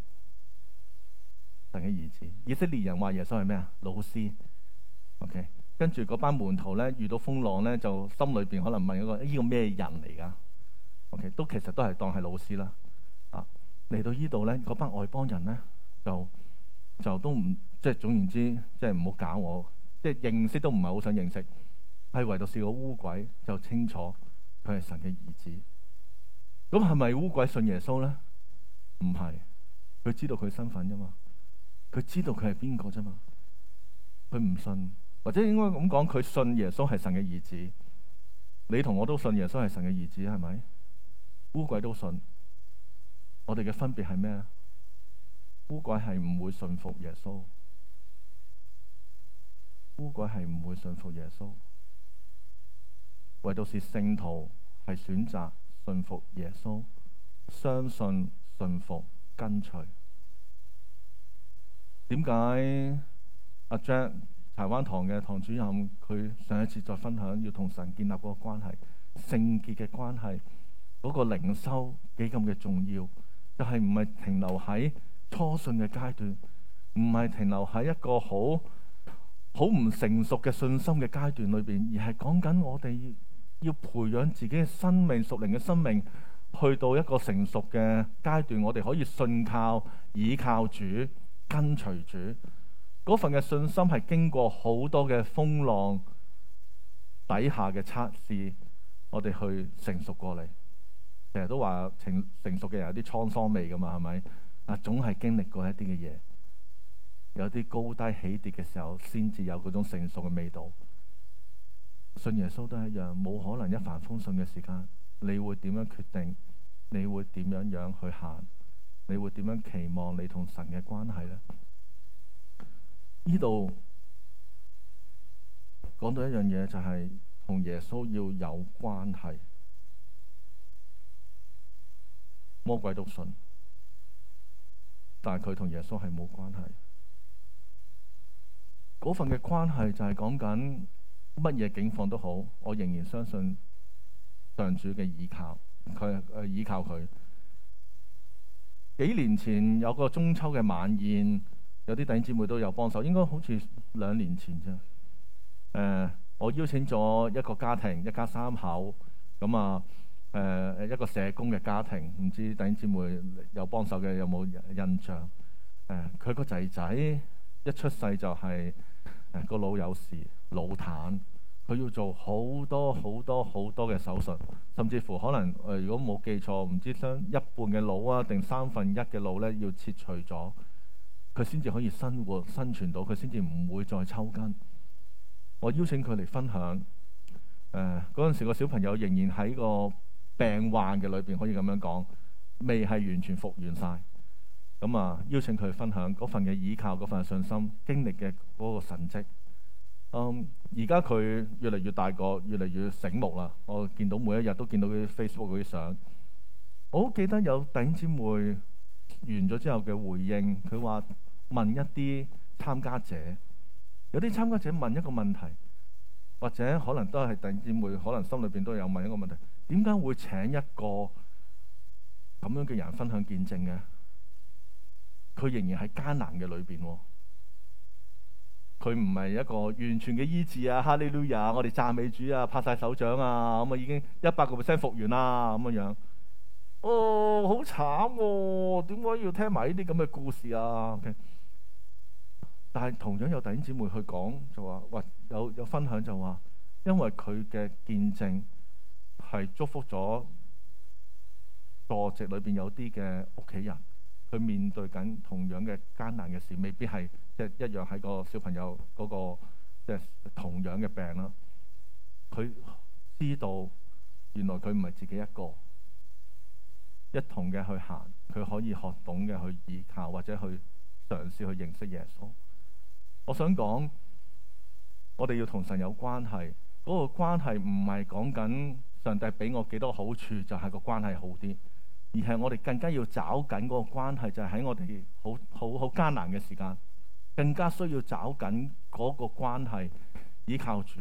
A: 神嘅兒子，以色列人話耶穌係咩啊？老師，OK。跟住嗰班門徒咧，遇到風浪咧，就心裏邊可能問一個：呢個咩人嚟噶？OK，都其實都係當係老師啦。啊，嚟到呢度咧，嗰班外邦人咧，就就都唔即係總言之，即係唔好搞我，即係認識都唔係好想認識。係唯獨是個烏鬼就清楚佢係神嘅兒子。咁係咪烏鬼信耶穌咧？唔係，佢知道佢身份啫嘛。佢知道佢係邊個啫嘛，佢唔信，或者應該咁講，佢信耶穌係神嘅兒子。你同我都信耶穌係神嘅兒子，係咪？污鬼都信，我哋嘅分別係咩啊？污鬼係唔會信服耶穌，污鬼係唔會信服耶穌，唯獨是聖徒係選擇信服耶穌，相信、信服、跟隨。點解阿 Jack 柴灣堂嘅堂主任佢上一次再分享，要同神建立嗰個關係、聖潔嘅關係，嗰、那個靈修幾咁嘅重要，就係唔係停留喺初信嘅階段，唔係停留喺一個好好唔成熟嘅信心嘅階段裏邊，而係講緊我哋要，要培養自己嘅生命屬靈嘅生命，去到一個成熟嘅階段，我哋可以信靠倚靠主。跟隨住，嗰份嘅信心係經過好多嘅風浪底下嘅測試，我哋去成熟過嚟。成日都話成成熟嘅人有啲滄桑味噶嘛，係咪？啊，總係經歷過一啲嘅嘢，有啲高低起跌嘅時候，先至有嗰種成熟嘅味道。信耶穌都係一樣，冇可能一帆風順嘅時間。你會點樣決定？你會點樣樣去行？你會點樣期望你同神嘅關係呢？呢度講到一樣嘢，就係，就係同耶穌要有關係。魔鬼都信，但係佢同耶穌係冇關係。嗰份嘅關係就係講緊乜嘢境況都好，我仍然相信上主嘅倚靠，佢誒倚靠佢。幾年前有個中秋嘅晚宴，有啲弟兄姊妹都有幫手，應該好似兩年前啫。誒、呃，我邀請咗一個家庭，一家三口，咁啊，誒、呃、一個社工嘅家庭，唔知弟兄姊妹有幫手嘅有冇印象？誒、呃，佢個仔仔一出世就係、是、個、呃、腦有事，腦癱。佢要做好多好多好多嘅手術，甚至乎可能誒、呃，如果冇記錯，唔知將一半嘅腦啊，定三分一嘅腦咧，要切除咗，佢先至可以生活、生存到，佢先至唔會再抽筋。我邀請佢嚟分享誒，嗰、呃、陣時個小朋友仍然喺個病患嘅裏邊，可以咁樣講，未係完全復原晒。咁啊，邀請佢分享嗰份嘅依靠、嗰份信心、經歷嘅嗰個神跡。嗯，而家佢越嚟越大個，越嚟越醒目啦。我見到每一日都見到佢 Facebook 嗰啲相。我好記得有弟兄姊妹完咗之後嘅回應，佢話問一啲參加者，有啲參加者問一個問題，或者可能都係弟兄姊妹可能心裏邊都有問一個問題：點解會請一個咁樣嘅人分享見證嘅？佢仍然喺艱難嘅裏邊喎。佢唔係一個完全嘅醫治啊，哈利路亞！我哋讚美主啊，拍晒手掌啊，咁啊、嗯、已經一百個 percent 復原啦，咁樣樣。哦，好慘喎、哦！點解要聽埋呢啲咁嘅故事啊？Okay. 但係同樣有弟兄姊妹去講就話，或有有分享就話，因為佢嘅見證係祝福咗座席裏邊有啲嘅屋企人。佢面對緊同樣嘅艱難嘅事，未必係即係一樣係個小朋友嗰個即係同樣嘅病咯。佢知道原來佢唔係自己一個，一同嘅去行，佢可以學懂嘅去依靠或者去嘗試去認識耶穌。我想講，我哋要同神有關係，嗰個關係唔係講緊上帝俾我幾多好處，就係個關係好啲。而係我哋更加要找緊嗰個關係就係喺我哋好好好艱難嘅時間，更加需要找緊嗰個關係，依靠主。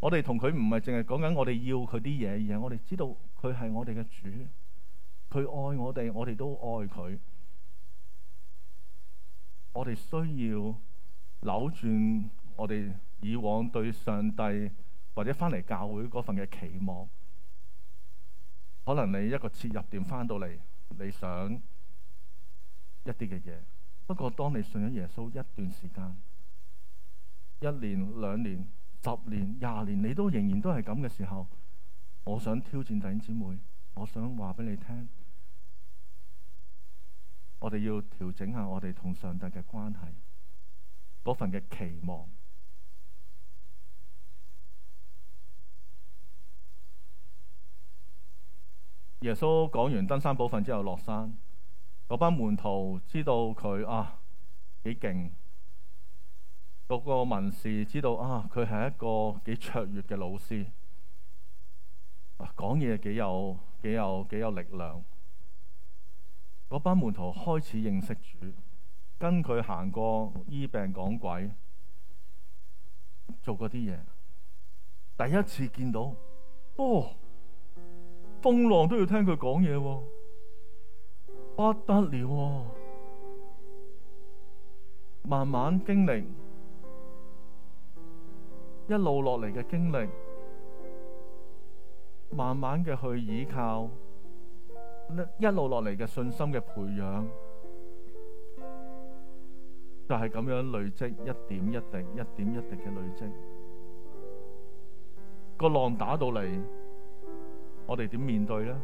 A: 我哋同佢唔係淨係講緊我哋要佢啲嘢，而係我哋知道佢係我哋嘅主，佢愛我哋，我哋都愛佢。我哋需要扭轉我哋以往對上帝或者翻嚟教會嗰份嘅期望。可能你一個切入點返到嚟，你想一啲嘅嘢。不過當你信咗耶穌一段時間，一年、兩年、十年、廿年，你都仍然都係咁嘅時候，我想挑戰弟兄姊妹，我想話俾你聽，我哋要調整下我哋同上帝嘅關係，嗰份嘅期望。耶穌講完登山寶訓，之後落山，嗰班門徒知道佢啊幾勁，嗰個文士知道啊佢係一個幾卓越嘅老師，講嘢幾有幾有幾有力量。嗰班門徒開始認識主，跟佢行過醫病講鬼，做過啲嘢，第一次見到，哦。風浪都要聽佢講嘢，不得了哦。慢慢經歷，一路落嚟嘅經歷，慢慢嘅去倚靠，一路落嚟嘅信心嘅培養，就係咁樣累積，一點一滴，一點一滴嘅累積，個浪打到嚟。我哋點面對呢？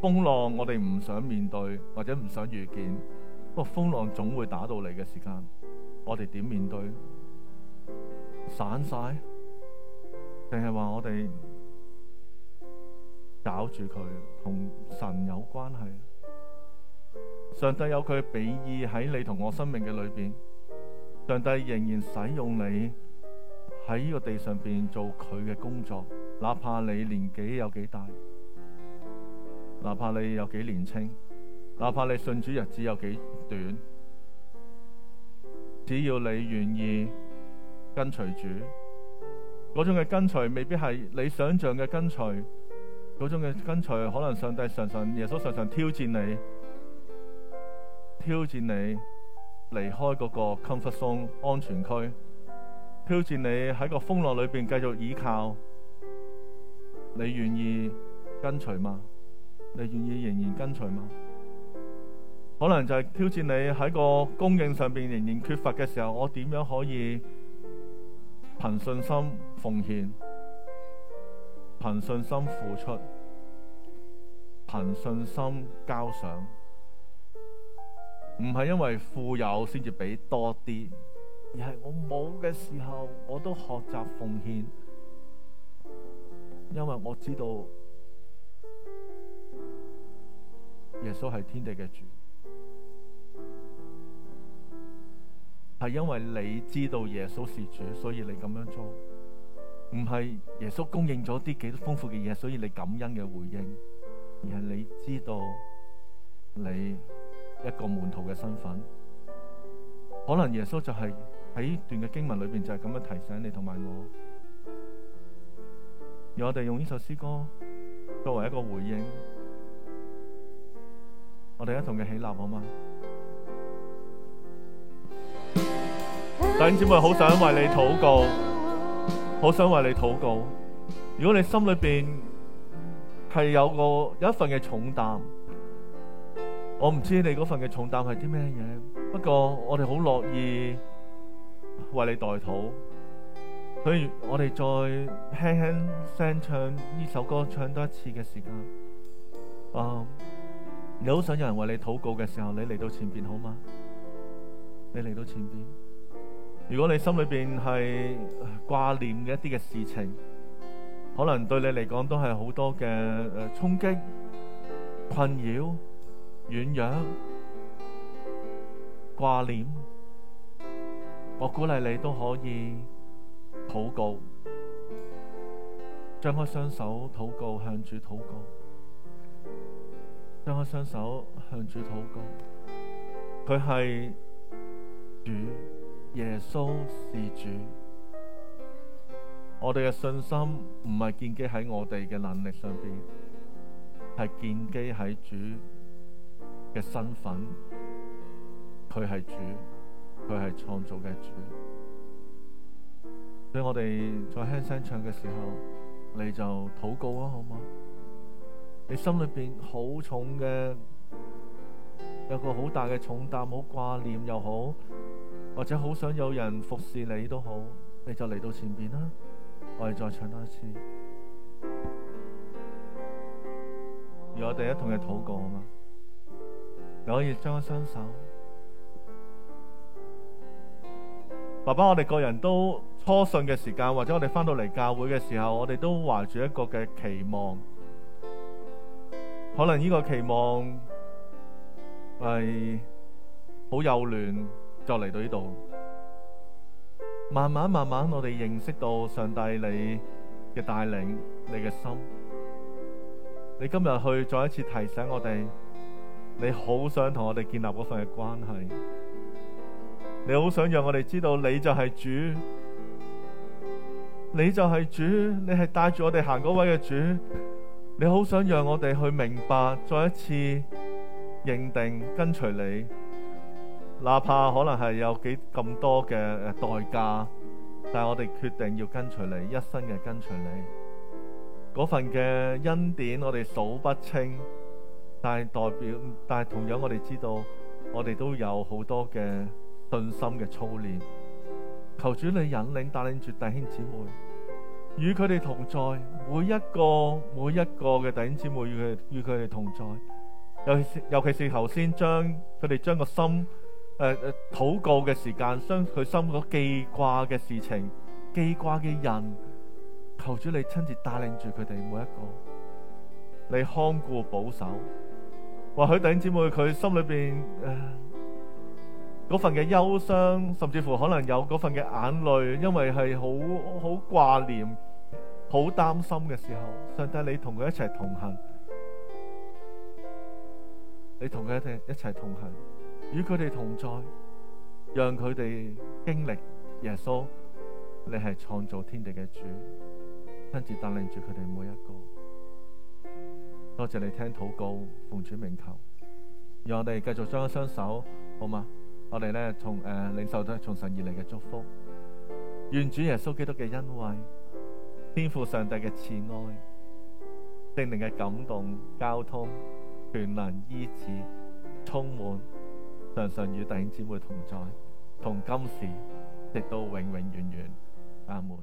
A: 風浪我哋唔想面對，或者唔想遇見，不過風浪總會打到你嘅時間。我哋點面對？散晒，定係話我哋搞住佢，同神有關係。上帝有佢嘅旨意喺你同我生命嘅裏邊，上帝仍然使用你。喺呢個地上邊做佢嘅工作，哪怕你年紀有幾大，哪怕你有幾年青，哪怕你信主日子有幾短，只要你願意跟隨主，嗰種嘅跟隨未必係你想象嘅跟隨，嗰種嘅跟隨可能上帝常常，耶穌常常挑戰你，挑戰你離開嗰個 comfort zone 安全區。挑戰你喺個風浪裏邊繼續依靠，你願意跟隨嗎？你願意仍然跟隨嗎？可能就係挑戰你喺個供應上邊仍然缺乏嘅時候，我點樣可以憑信心奉獻，憑信心付出，憑信心交上？唔係因為富有先至俾多啲。而係我冇嘅時候，我都學習奉獻，因為我知道耶穌係天地嘅主，係因為你知道耶穌是主，所以你咁樣做，唔係耶穌供應咗啲幾多豐富嘅嘢，所以你感恩嘅回應，而係你知道你一個門徒嘅身份，可能耶穌就係、是。喺段嘅經文裏邊就係咁樣提醒你同埋我，而我哋用呢首詩歌作為一個回應，我哋一同嘅起立好嗎？弟兄姊妹，好想為你禱告，好想為你禱告。如果你心裏邊係有個有一份嘅重擔，我唔知你嗰份嘅重擔係啲咩嘢，不過我哋好樂意。為你代禱，所以我哋再輕輕聲唱呢首歌，唱多一次嘅時間。啊、嗯，你好想有人為你禱告嘅時候，你嚟到前邊好嗎？你嚟到前邊。如果你心裏邊係掛念嘅一啲嘅事情，可能對你嚟講都係好多嘅誒衝擊、困擾、軟弱、掛念。我鼓勵你都可以禱告，張開雙手禱告，向主禱告，張開雙手向主禱告。佢係主，耶穌是主。我哋嘅信心唔係建基喺我哋嘅能力上面，係建基喺主嘅身份。佢係主。佢係創造嘅主，所以我哋再輕聲唱嘅時候，你就禱告啊，好嘛？你心裏面好重嘅，有個好大嘅重擔，好掛念又好，或者好想有人服侍你都好，你就嚟到前面啦。我哋再唱多一次，如我哋一同嘅禱告好嘛？你可以將雙手。爸爸，我哋個人都初信嘅時間，或者我哋翻到嚟教會嘅時候，我哋都懷住一個嘅期望，可能呢個期望係好幼嫩，就嚟到呢度。慢慢慢慢，我哋認識到上帝你嘅帶領，你嘅心，你今日去再一次提醒我哋，你好想同我哋建立嗰份嘅關係。你好想讓我哋知道，你就係主，你就係主，你係帶住我哋行嗰位嘅主。你好想讓我哋去明白，再一次認定跟隨你，哪怕可能係有幾咁多嘅代價，但係我哋決定要跟隨你，一生嘅跟隨你嗰份嘅恩典，我哋數不清。但係代表，但係同樣我哋知道，我哋都有好多嘅。信心嘅操練，求主你引領帶領住弟兄姊妹，與佢哋同在，每一個每一個嘅弟兄姊妹與佢與佢哋同在。尤其是尤其是頭先將佢哋將個心誒誒禱告嘅時間，將佢心嗰記掛嘅事情、記掛嘅人，求主你親自帶領住佢哋每一個，你看顧保守。或許弟兄姊妹佢心裏邊誒。嗰份嘅憂傷，甚至乎可能有嗰份嘅眼淚，因為係好好掛念、好擔心嘅時候，上帝你同佢一齊同行，你同佢一齊一齊同行，與佢哋同在，讓佢哋經歷耶穌，你係創造天地嘅主，親自帶領住佢哋每一個。多謝你聽禱告，奉主名求，讓我哋繼續將一雙手，好嘛？我哋咧從誒領受咗從神而嚟嘅祝福，願主耶穌基督嘅恩惠，天父上帝嘅慈愛，聖靈嘅感動、交通、全能醫治，充滿，常常與弟兄姊妹同在，同今時，直到永永遠遠，阿門。